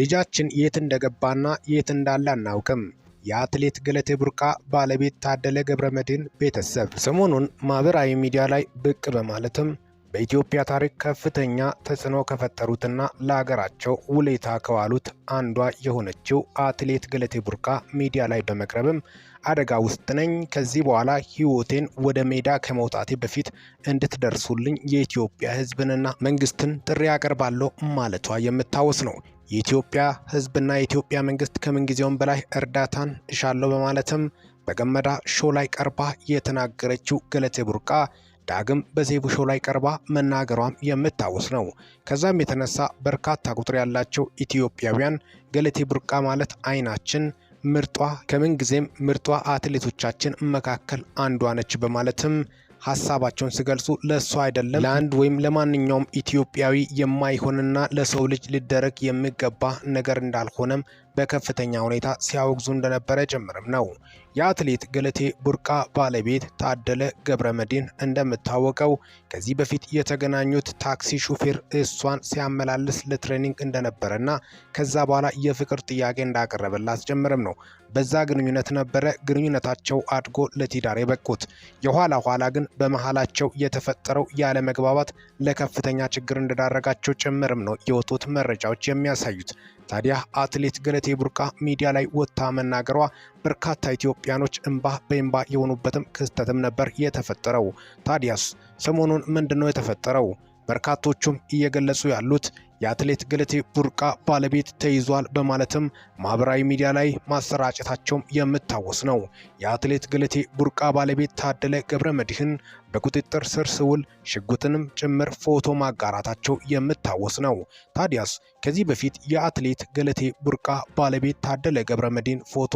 ልጃችን የት እንደገባና የት እንዳለ አናውቅም። የአትሌት ገለቴ ቡርቃ ባለቤት ታደለ ገብረ መድን ቤተሰብ ሰሞኑን ማህበራዊ ሚዲያ ላይ ብቅ በማለትም በኢትዮጵያ ታሪክ ከፍተኛ ተጽዕኖ ከፈጠሩትና ለሀገራቸው ውለታ ከዋሉት አንዷ የሆነችው አትሌት ገለቴ ቡርቃ ሚዲያ ላይ በመቅረብም አደጋ ውስጥ ነኝ፣ ከዚህ በኋላ ህይወቴን ወደ ሜዳ ከመውጣቴ በፊት እንድትደርሱልኝ የኢትዮጵያ ህዝብንና መንግስትን ጥሪ አቀርባለሁ ማለቷ የምታወስ ነው። የኢትዮጵያ ህዝብና የኢትዮጵያ መንግስት ከምንጊዜውም በላይ እርዳታን እሻለሁ በማለትም በገመዳ ሾው ላይ ቀርባ የተናገረችው ገለቴ ቡርቃ ዳግም በዜቡ ሾው ላይ ቀርባ መናገሯም የምታወስ ነው። ከዛም የተነሳ በርካታ ቁጥር ያላቸው ኢትዮጵያውያን ገለቴ ቡርቃ ማለት አይናችን ምርጧ ከምንጊዜም ምርጧ አትሌቶቻችን መካከል አንዷ ነች በማለትም ሀሳባቸውን ሲገልጹ ለእሱ አይደለም ለአንድ ወይም ለማንኛውም ኢትዮጵያዊ የማይሆንና ለሰው ልጅ ሊደረግ የሚገባ ነገር እንዳልሆነም በከፍተኛ ሁኔታ ሲያወግዙ እንደነበረ ጭምርም ነው። የአትሌት ገለቴ ቡርቃ ባለቤት ታደለ ገብረመድህን እንደምታወቀው ከዚህ በፊት የተገናኙት ታክሲ ሹፌር እሷን ሲያመላልስ ለትሬኒንግ እንደነበረና ከዛ በኋላ የፍቅር ጥያቄ እንዳቀረበላት ጭምርም ነው። በዛ ግንኙነት ነበረ ግንኙነታቸው አድጎ ለትዳር የበቁት። የኋላ ኋላ ግን በመሃላቸው የተፈጠረው ያለመግባባት ለከፍተኛ ችግር እንደዳረጋቸው ጭምርም ነው የወጡት መረጃዎች የሚያሳዩት። ታዲያ አትሌት ገለቴ ቡርቃ ሚዲያ ላይ ወጥታ መናገሯ በርካታ ኢትዮጵያኖች እምባ በእንባ የሆኑበትም ክስተትም ነበር የተፈጠረው። ታዲያስ ሰሞኑን ምንድን ነው የተፈጠረው? በርካቶቹም እየገለጹ ያሉት የአትሌት ገለቴ ቡርቃ ባለቤት ተይዟል በማለትም ማህበራዊ ሚዲያ ላይ ማሰራጨታቸውም የምታወስ ነው። የአትሌት ገለቴ ቡርቃ ባለቤት ታደለ ገብረ መድህን በቁጥጥር ስር ስውል ሽጉጥንም ጭምር ፎቶ ማጋራታቸው የምታወስ ነው። ታዲያስ ከዚህ በፊት የአትሌት ገለቴ ቡርቃ ባለቤት ታደለ ገብረ መድህን ፎቶ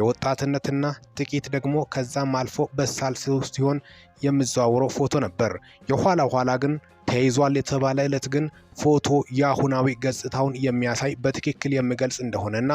የወጣትነትና ጥቂት ደግሞ ከዛም አልፎ በሳል ሲሆን የምዘዋውረው ፎቶ ነበር። የኋላ ኋላ ግን ተይዟል የተባለ ዕለት ግን ፎቶ የአሁናዊ ገጽታውን የሚያሳይ በትክክል የሚገልጽ እንደሆነና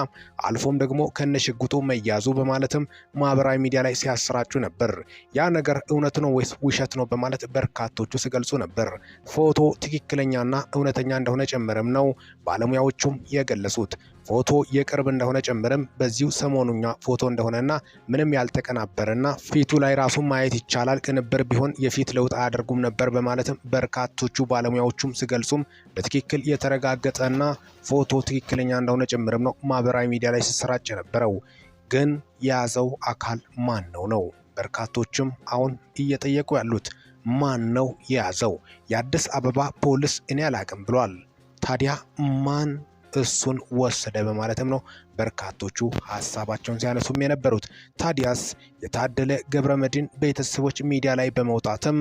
አልፎም ደግሞ ከነሽጉጡ መያዙ በማለትም ማህበራዊ ሚዲያ ላይ ሲያሰራጩ ነበር። ያ ነገር እውነት ነው ወይስ ውሸት ነው በማለት በርካቶቹ ሲገልጹ ነበር። ፎቶ ትክክለኛና እውነተኛ እንደሆነ ጭምርም ነው ባለሙያዎቹም የገለጹት። ፎቶ የቅርብ እንደሆነ ጭምርም በዚሁ ሰሞኑኛ ፎቶ እንደሆነና ምንም ያልተቀናበረና ፊቱ ላይ ራሱ ማየት ይቻላል። ቅንብር ቢሆን የፊት ለውጥ አያደርጉም ነበር በማለትም በርካቶቹ ባለሙያዎቹም ሲገልጹም በትክክል የተረጋገጠና ፎቶ ትክክለኛ እንደሆነ ጭምርም ነው ማህበራዊ ሚዲያ ላይ ሲሰራጭ የነበረው። ግን የያዘው አካል ማን ነው ነው በርካቶችም አሁን እየጠየቁ ያሉት ማን ነው የያዘው? የአዲስ አበባ ፖሊስ እኔ አላቅም ብሏል። ታዲያ ማን እሱን ወሰደ በማለትም ነው በርካቶቹ ሀሳባቸውን ሲያነሱም የነበሩት። ታዲያስ የታደለ መድን ቤተሰቦች ሚዲያ ላይ በመውጣትም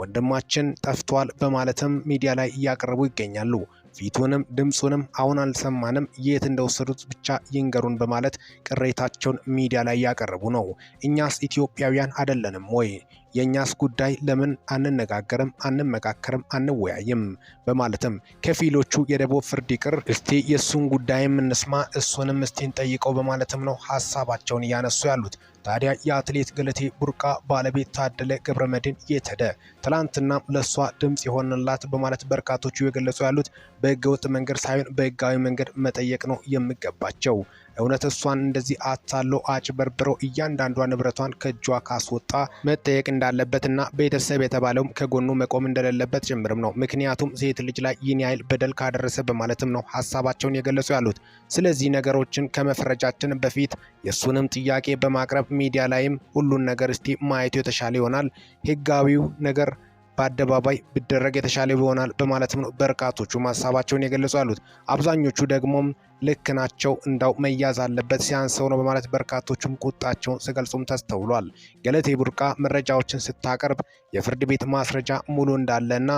ወንድማችን ጠፍቷል በማለትም ሚዲያ ላይ እያቀረቡ ይገኛሉ። ፊቱንም ድምፁንም አሁን አልሰማንም፣ የት እንደወሰዱት ብቻ ይንገሩን በማለት ቅሬታቸውን ሚዲያ ላይ ያቀረቡ ነው። እኛስ ኢትዮጵያውያን አይደለንም ወይ? የእኛስ ጉዳይ ለምን አንነጋገርም፣ አንመካከርም፣ አንወያይም? በማለትም ከፊሎቹ የደቦብ ፍርድ ይቅር፣ እስቲ የእሱን ጉዳይም እንስማ፣ እሱንም እስቲ እንጠይቀው በማለትም ነው ሀሳባቸውን እያነሱ ያሉት። ታዲያ የአትሌት ገለቴ ቡርቃ ባለቤት ታደለ ገብረ መድን የተደ ትላንትና ለእሷ ድምፅ የሆንላት በማለት በርካቶቹ የገለጹ ያሉት በህገወጥ መንገድ ሳይሆን በህጋዊ መንገድ መጠየቅ ነው የሚገባቸው። እውነት እሷን እንደዚህ አታሎ አጭበርብሮ እያንዳንዷ ንብረቷን ከእጇ ካስወጣ መጠየቅ እንዳለበትና ቤተሰብ የተባለውም ከጎኑ መቆም እንደሌለበት ጭምርም ነው። ምክንያቱም ሴት ልጅ ላይ ይህን ያህል በደል ካደረሰ በማለትም ነው ሀሳባቸውን የገለጹ ያሉት። ስለዚህ ነገሮችን ከመፍረጃችን በፊት የእሱንም ጥያቄ በማቅረብ ሚዲያ ላይም ሁሉን ነገር እስቲ ማየቱ የተሻለ ይሆናል። ህጋዊው ነገር በአደባባይ ቢደረግ የተሻለ ይሆናል በማለትም ነው በርካቶቹ ሀሳባቸውን የገለጹ ያሉት። አብዛኞቹ ደግሞም ልክ ናቸው፣ እንዳው መያዝ አለበት ሲያንሰው ነው በማለት በርካቶቹም ቁጣቸውን ሲገልጹም ተስተውሏል። ገለቴ ቡርቃ መረጃዎችን ስታቀርብ የፍርድ ቤት ማስረጃ ሙሉ እንዳለና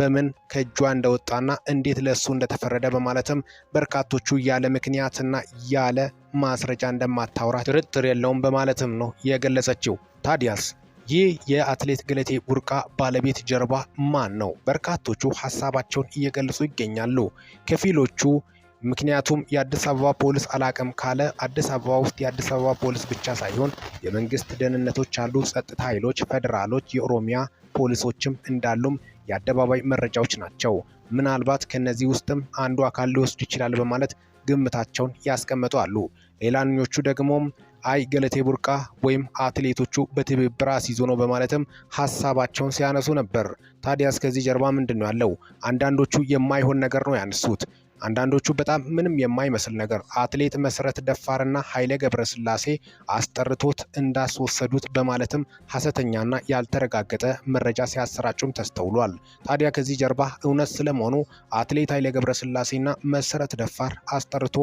በምን ከእጇ እንደወጣና እንዴት ለእሱ እንደተፈረደ በማለትም በርካቶቹ ያለ ምክንያትና ያለ ማስረጃ እንደማታወራ ጥርጥር የለውም በማለትም ነው የገለጸችው። ታዲያስ ይህ የአትሌት ገለቴ ቡርቃ ባለቤት ጀርባ ማን ነው? በርካቶቹ ሀሳባቸውን እየገለጹ ይገኛሉ። ከፊሎቹ ምክንያቱም የአዲስ አበባ ፖሊስ አላቅም ካለ አዲስ አበባ ውስጥ የአዲስ አበባ ፖሊስ ብቻ ሳይሆን የመንግስት ደህንነቶች አሉ፣ ጸጥታ ኃይሎች፣ ፌዴራሎች፣ የኦሮሚያ ፖሊሶችም እንዳሉም የአደባባይ መረጃዎች ናቸው። ምናልባት ከነዚህ ውስጥም አንዱ አካል ሊወስድ ይችላል በማለት ግምታቸውን ያስቀመጡ አሉ። ሌላኞቹ ደግሞም አይ ገለቴ ቡርቃ ወይም አትሌቶቹ በትብብር አስይዞ ነው በማለትም ሀሳባቸውን ሲያነሱ ነበር። ታዲያስ ከዚህ ጀርባ ምንድን ነው ያለው? አንዳንዶቹ የማይሆን ነገር ነው ያነሱት። አንዳንዶቹ በጣም ምንም የማይመስል ነገር አትሌት መሰረት ደፋርና ገብረ ገብረስላሴ አስጠርቶት እንዳስወሰዱት በማለትም ሀሰተኛና ያልተረጋገጠ መረጃ ሲያሰራጩም ተስተውሏል። ታዲያ ከዚህ ጀርባ እውነት ስለመሆኑ አትሌት ገብረ ስላሴና መሰረት ደፋር አስጠርቶ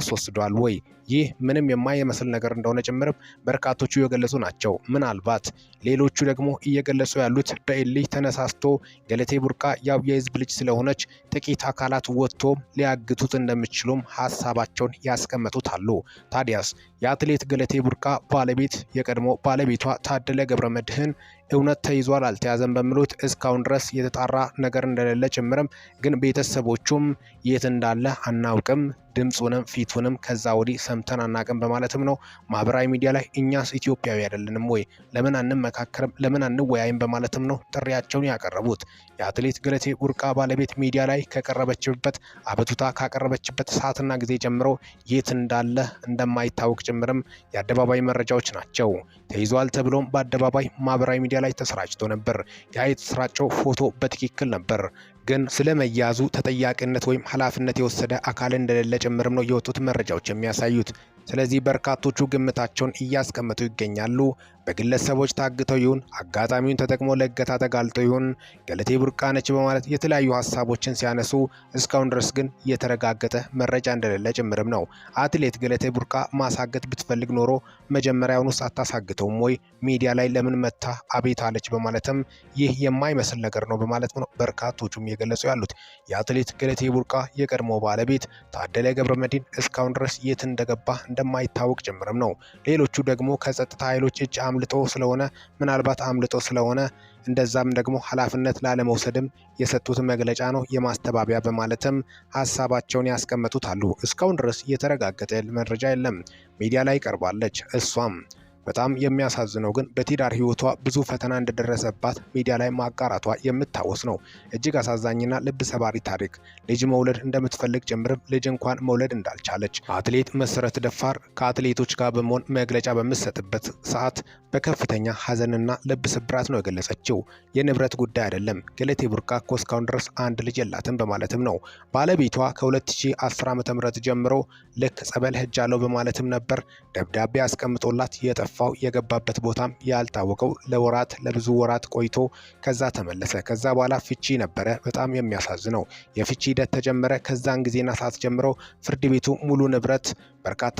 አስወስዷል ወይ? ይህ ምንም የማይመስል ነገር እንደሆነ ጭምርም በርካቶቹ የገለጹ ናቸው። ምናልባት ሌሎቹ ደግሞ እየገለጹ ያሉት በኤልይ ተነሳስቶ ገለቴ ቡርቃ ያው የህዝብ ልጅ ስለሆነች ጥቂት አካላት ወጥቶም ሊያግቱት እንደሚችሉም ሀሳባቸውን ያስቀመጡት አሉ። ታዲያስ የአትሌት ገለቴ ቡርቃ ባለቤት የቀድሞ ባለቤቷ ታደለ ገብረ መድህን እውነት ተይዟል አልተያዘም በሚሉት እስካሁን ድረስ የተጣራ ነገር እንደሌለ ጭምርም ግን ቤተሰቦቹም የት እንዳለ አናውቅም፣ ድምፁንም ፊቱንም ከዛ ወዲህ ሰምተን አናውቅም በማለትም ነው ማህበራዊ ሚዲያ ላይ እኛስ ኢትዮጵያዊ አይደለንም ወይ ለምን አንመካከርም ለምን አንወያይም በማለትም ነው ጥሪያቸውን ያቀረቡት። የአትሌት ገለቴ ቡርቃ ባለቤት ሚዲያ ላይ ከቀረበችበት አቤቱታ ካቀረበችበት ሰዓትና ጊዜ ጀምሮ የት እንዳለ እንደማይታወቅ ጭምርም የአደባባይ መረጃዎች ናቸው። ተይዟል ተብሎም በአደባባይ ማህበራዊ ሚዲያ ሚዲያ ላይ ተሰራጭቶ ነበር። ያ የተሰራጨው ፎቶ በትክክል ነበር ግን ስለመያዙ ተጠያቂነት ወይም ኃላፊነት የወሰደ አካል እንደሌለ ጭምርም ነው የወጡት መረጃዎች የሚያሳዩት። ስለዚህ በርካቶቹ ግምታቸውን እያስቀመጡ ይገኛሉ። በግለሰቦች ታግተው ይሁን አጋጣሚውን ተጠቅሞ ለእገታ ተጋልጦ ይሁን ገለቴ ቡርቃ ነች በማለት የተለያዩ ሀሳቦችን ሲያነሱ እስካሁን ድረስ ግን የተረጋገጠ መረጃ እንደሌለ ጭምርም ነው። አትሌት ገለቴ ቡርቃ ማሳገት ብትፈልግ ኖሮ መጀመሪያውን ውስጥ አታሳግተውም ወይ? ሚዲያ ላይ ለምን መታ አቤት አለች? በማለትም ይህ የማይመስል ነገር ነው በማለት ነው በርካቶቹም እየገለጹ ያሉት። የአትሌት ገለቴ ቡርቃ የቀድሞ ባለቤት ታደለ ገብረ እስካሁን ድረስ የት እንደገባ እንደማይታወቅ ጭምርም ነው። ሌሎቹ ደግሞ ከጸጥታ ኃይሎች እጅ አምልጦ ስለሆነ ምናልባት አምልጦ ስለሆነ እንደዛም ደግሞ ኃላፊነት ላለመውሰድም የሰጡት መግለጫ ነው የማስተባበያ በማለትም ሀሳባቸውን ያስቀመጡት አሉ። እስካሁን ድረስ የተረጋገጠ መረጃ የለም። ሚዲያ ላይ ቀርባለች እሷም በጣም የሚያሳዝነው ግን በትዳር ህይወቷ ብዙ ፈተና እንደደረሰባት ሚዲያ ላይ ማጋራቷ የምታወስ ነው። እጅግ አሳዛኝና ልብ ሰባሪ ታሪክ። ልጅ መውለድ እንደምትፈልግ ጭምርም ልጅ እንኳን መውለድ እንዳልቻለች አትሌት መሰረት ደፋር ከአትሌቶች ጋር በመሆን መግለጫ በምትሰጥበት ሰዓት በከፍተኛ ሀዘንና ልብ ስብራት ነው የገለጸችው። የንብረት ጉዳይ አይደለም፣ ገለቴ ቡርቃ እኮ እስካሁን ድረስ አንድ ልጅ የላትም በማለትም ነው። ባለቤቷ ከ2010 ም ጀምሮ ልክ ጸበል ህጃለው በማለትም ነበር ደብዳቤ አስቀምጦላት የጠፋ ጠፋው። የገባበት ቦታም ያልታወቀው ለወራት ለብዙ ወራት ቆይቶ ከዛ ተመለሰ። ከዛ በኋላ ፍቺ ነበረ። በጣም የሚያሳዝነው የፍቺ ሂደት ተጀመረ። ከዛን ጊዜና ሰዓት ጀምሮ ፍርድ ቤቱ ሙሉ ንብረት በርካታ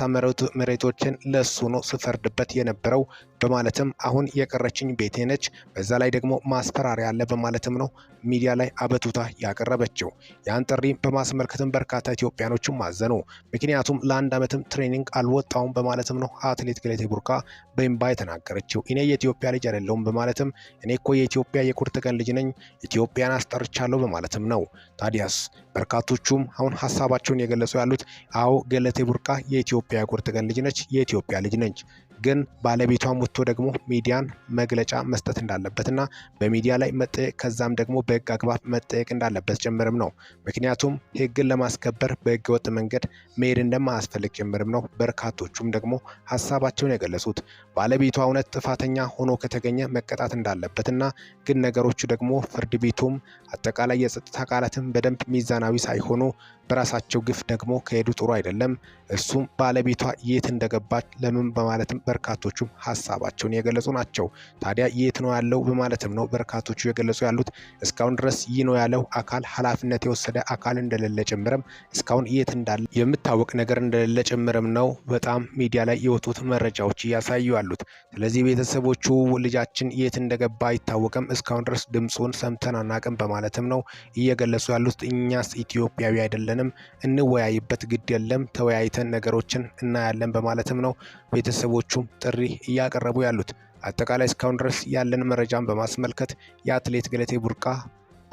መሬቶችን ለሱ ነው ስፈርድበት የነበረው በማለትም አሁን የቀረችኝ ቤቴ ነች፣ በዛ ላይ ደግሞ ማስፈራሪያ አለ በማለትም ነው ሚዲያ ላይ አቤቱታ ያቀረበችው። ያን ጥሪ በማስመልከትም በርካታ ኢትዮጵያኖችም አዘኑ። ምክንያቱም ለአንድ ዓመትም ትሬኒንግ አልወጣውም በማለትም ነው አትሌት ገለቴ ቡርቃ በእምባ የተናገረችው። እኔ የኢትዮጵያ ልጅ አይደለሁም በማለትም እኔ እኮ የኢትዮጵያ የቁርጥ ቀን ልጅ ነኝ፣ ኢትዮጵያን አስጠርቻለሁ በማለትም ነው ታዲያስ በርካቶቹም አሁን ሀሳባቸውን የገለጹ ያሉት አዎ ገለቴ ቡርቃ የኢትዮጵያ ቁርጥ ቀን ልጅ ነች፣ የኢትዮጵያ ልጅ ነች ግን ባለቤቷ ወጥቶ ደግሞ ሚዲያን መግለጫ መስጠት እንዳለበትና በሚዲያ ላይ መጠየቅ ከዛም ደግሞ በህግ አግባብ መጠየቅ እንዳለበት ጭምርም ነው። ምክንያቱም ህግን ለማስከበር በህገ ወጥ መንገድ መሄድ እንደማያስፈልግ ጭምርም ነው። በርካቶቹም ደግሞ ሀሳባቸውን የገለጹት ባለቤቷ እውነት ጥፋተኛ ሆኖ ከተገኘ መቀጣት እንዳለበትና ግን ነገሮቹ ደግሞ ፍርድ ቤቱም አጠቃላይ የጸጥታ አካላትም በደንብ ሚዛናዊ ሳይሆኑ በራሳቸው ግፍ ደግሞ ከሄዱ ጥሩ አይደለም። እሱም ባለቤቷ የት እንደገባች ለምን በማለትም በርካቶቹም ሀሳባቸውን የገለጹ ናቸው። ታዲያ የት ነው ያለው በማለትም ነው በርካቶቹ የገለጹ ያሉት። እስካሁን ድረስ ይህ ነው ያለው አካል ኃላፊነት የወሰደ አካል እንደሌለ ጭምርም እስካሁን የት እንዳለ የምታወቅ ነገር እንደሌለ ጭምርም ነው በጣም ሚዲያ ላይ የወጡት መረጃዎች እያሳዩ ያሉት። ስለዚህ ቤተሰቦቹ ልጃችን የት እንደገባ አይታወቅም፣ እስካሁን ድረስ ድምፁን ሰምተን አናቅም በማለትም ነው እየገለጹ ያሉት። እኛስ ኢትዮጵያዊ አይደለንም፣ እንወያይበት ግድ የለም ተወያይተን ነገሮችን እናያለን በማለትም ነው ቤተሰቦቹ ተጫዋቾቹም ጥሪ እያቀረቡ ያሉት። አጠቃላይ እስካሁን ድረስ ያለን መረጃን በማስመልከት የአትሌት ገለቴ ቡርቃ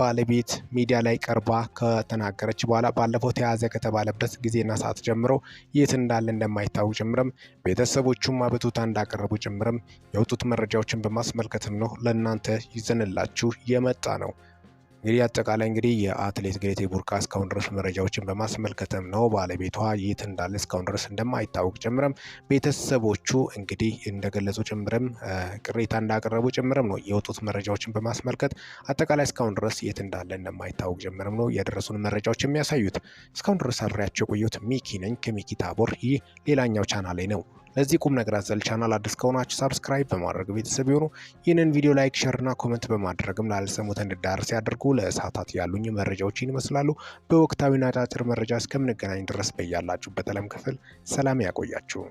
ባለቤት ሚዲያ ላይ ቀርባ ከተናገረች በኋላ ባለፈው ተያዘ ከተባለበት ጊዜና ሰዓት ጀምሮ የት እንዳለ እንደማይታወቅ ጭምርም ቤተሰቦቹም አቤቱታ እንዳቀረቡ ጭምርም የወጡት መረጃዎችን በማስመልከትም ነው ለእናንተ ይዘንላችሁ የመጣ ነው። እንግዲህ አጠቃላይ እንግዲህ የአትሌት ገለቴ ቡርቃ እስካሁን ድረስ መረጃዎችን በማስመልከትም ነው ባለቤቷ የት እንዳለ እስካሁን ድረስ እንደማይታወቅ ጭምርም ቤተሰቦቹ እንግዲህ እንደገለጹ ጭምርም ቅሬታ እንዳቀረቡ ጭምርም ነው የወጡት መረጃዎችን በማስመልከት አጠቃላይ እስካሁን ድረስ የት እንዳለ እንደማይታወቅ ጭምርም ነው የደረሱን መረጃዎች የሚያሳዩት። እስካሁን ድረስ አብሬያቸው የቆየሁት ሚኪ ነኝ ከሚኪ ታቦር። ይህ ሌላኛው ላይ ነው። ለዚህ ቁም ነገር አዘል ቻናል አዲስ ከሆናችሁ ሳብስክራይብ በማድረግ ቤተሰብ የሆኑ ይህንን ቪዲዮ ላይክ፣ እና ኮመንት በማድረግም ላልሰሙት እንዲዳረስ ያድርጉ። ለሰዓታት ያሉኝ መረጃዎች ይመስላሉ። በወቅታዊና አጫጭር መረጃ እስከምንገናኝ ድረስ በያላችሁበት ዓለም ክፍል ሰላም ያቆያችሁ።